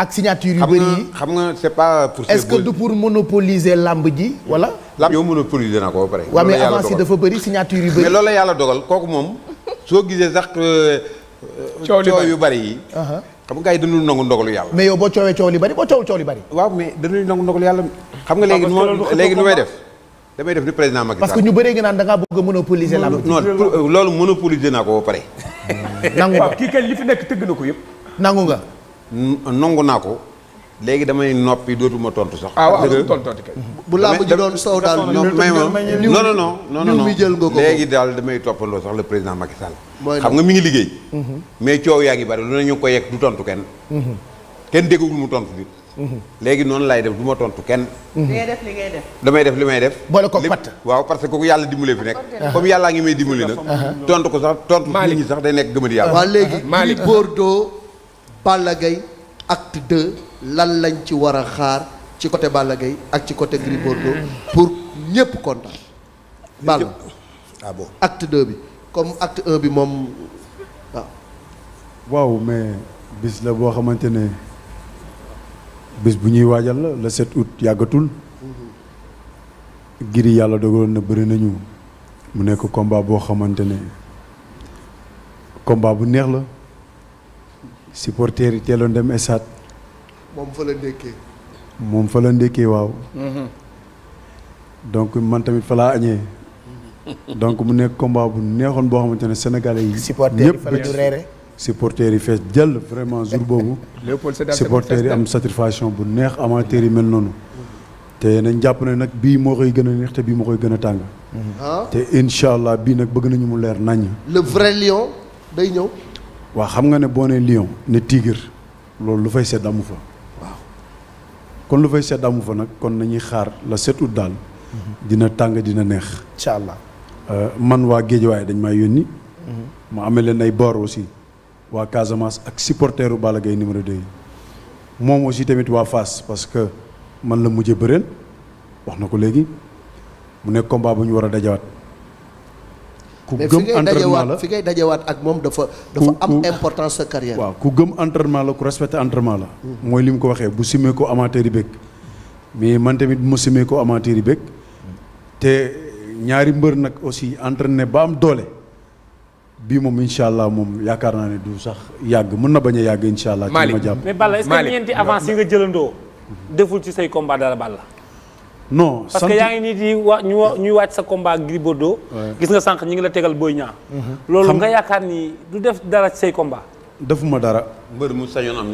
ak signature yu bëri yi xam nga c'est pas pour. est-ce que du pour monopoliser làmb ji wala. làmb yow monopoliser na ko ba pare. waaw mais avancé dafa bëri signature yu bëri. mais loolu la yàlla dogal kooku moom soo sax. Euh, euh, coow yu bëri yi. Uh-huh. xam nga gars yi dañu nangu ndogalu yàlla. mais yow boo coowee coow li bëri boo coowul coow li bëri. waaw mais dañuy nangu ndogalu yàlla. xam nga léegi léegi nu may parce que ñu bëree naan a monopoliser la non euh, loolu monopoliser naa ko ba pare. nangu nga kii kay li fi nekk tëgg na ko yëpp. nangu nga nongu naa ko léegi damay noppi dootuma tontu sax. ah waaw tontu kay. bu làmb ji doon sow daal ñoom may ma non non non non non jël nga ko léegi daal damay toppaloo sax le président Macky Sall. xam nga mi ngi liggéey. Mhm. mais coow yaa ngi bari lu ne ñu ngi koy yegg du tontu kenn. Mhm. kenn déggul mu tontu bi. Mhm. léegi noonu laay def du ma tontu kenn. li ngay def li ngay def. damay def li may def. boole ko patt waaw parce que kooku yàlla dimbale fi nekk. Uh-huh. comme yàllaa ngi may dimbale nag. Uh-huh. tontu ko sax tontu nit ñi sax day nekk gëmën yàlla. waaw léegi Malick Bordeaux Balla Gaye acte 2 lan lañ ci war a xaar ci côté Balla Gaye ak ci côté Gris Bordeaux pour ñëpp kontaan. Balla ah bon acte 2 bi comme acte 1 bi moom waaw. waaw mais bis la boo xamante ne bis bu ñuy waajal la le 7 août yàggatul. Gris yàlla dogaloon na bari nañu mu nekk combat boo xamante ne combat bu neex la. supporters yi teeloon dem stade. moom fa la ndékkee. moom fa la ndékkee waaw. Mhm. donc man tamit fa laa añee. donc mu nekk combat bu neexoon boo xamante ne sénégalais yi. ñëpp supporters yi fees jël vraiment jour boobu. supporters yi am satisfaction bu neex amateurs yi mel noonu. te nañ jàpp nag bii moo koy gën a neex bii moo koy gën a tàng. Mhm. Ah. te incha allah bii nag bëgg nañu mu leer naññ. le vrai lion day ñëw. waa xam nga ne boo ne lion ne tigre loolu lu fay sedd amu fa waaw kon lu fay sedd amu fa nag kon nañuy xaar la sept août daal mhm. dina tàng dina neex incha allah euh, man waa géej waaye dañ maa yónni mhm. ma amee leen ay boor aussi waa Casamance ak supporteru Balla Gaye numéro de yi moom aussi tamit waa Fass parce que man la mujje bëreen wax na ko léegi mu nekk combat bu ñu war a dajawaat ku gëm entraînement la fi ngay dajewaat ak moom dafa. dafa am importance sa carrière. waaw ku gëm entraînement la ku respecté entraînement la. Hmm. mooy li mu ko waxee bu simmeekoo ko amateur yi mais man tamit mu simmeekoo simee ko te ñaari mbër nag aussi entraîné ba am doole bii moom incha allah moom yaakaar naa ne du sax yàgg mun na bañ a yàgg incha allah. ci ma jàpp mais Balla est-ce que ñeenti avance yi nga jëlandoo deful ci say combat dara Balla. non parce que yaa ngi nii di wax ñu ñuy wàcc sa combat Gris Bordeaux gis nga sànq ñi ngi la tegal Boy Niang mm-hmm. loolu nga yaakaar ni du def dara ci say combat defuma dara mbër mu sañoon am